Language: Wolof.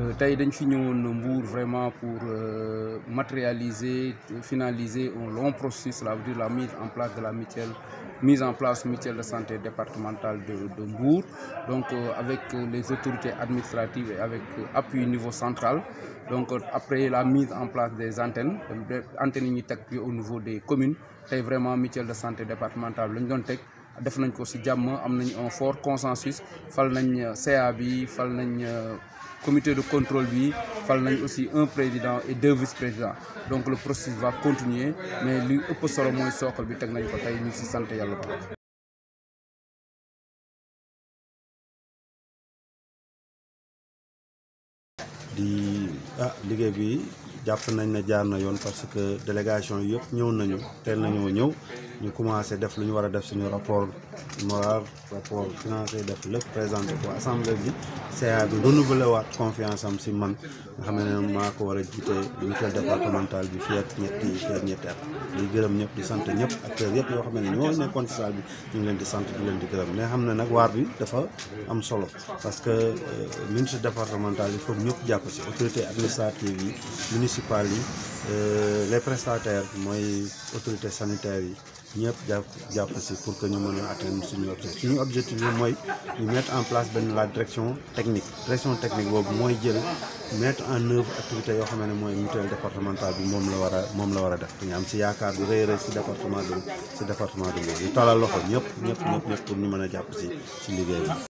Euh, tey dañ fi ñëwoon Mbour vraiment pour euh, matérialiser finaliser un long processus cela veut dire la mise en place de la mutuelle mise en place mutuelle de santé départementale de de Mbour donc euh, avec les autorités administratives et avec appui niveau central donc après la mise en place des antennes antennes yi ñu teg au niveau des communes tey vraiment mutuelle de santé départementale lañ doon teg. def nañ ko ci jàmm am nañu un fort consensus fal nañ euh, CA bi fal nañ euh, comité de contrôle bi fal nañ aussi un président et deux vice-présidents donc le processus va continuer mais li ëpp solo mooy sookal bi teg nañ ko tey ñu ci sant yàlla ba di ah, liggéey bi jàpp nañ ne jaar na yoon parce que délégation yëpp ñëw nañu teel nañoo ñëw ñu commencé def lu ñu war a def suñu rapport moral rapport financier def lépp présenté ko assemblée bi CA bi renouvelé waat confiance am si man nga xam ne maa ko war a jiite mutuelle départementale bi fii ak ñetti fii ak ñetti gërëm ñëpp di sant ñëpp acteurs yëpp yoo xam ne ñoo nekkoon bi ñu ngi leen di sant leen di gërëm mais xam ne nag waar bi dafa am solo parce que euh, ministre départemental il faut ñëpp jàpp si autorité administrative yi municipale yi euh, les prestataires mooy autorité sanitaire yi ñëpp jàpp jàpp si pour que ñu mën a atteindre suñu objectif suñu objectif mooy ñu mettre en place benn la direction technique direction technique boobu mooy jël mettre en œuvre activité yoo xam ne mooy mutuelle départementale bi moom la war a war a def dañu am si yaakaar bu rëy rëy si département de si département de ñu talal loxo ñëpp ñëpp ñëpp ñëpp ñu mën a jàpp si si liggéey bi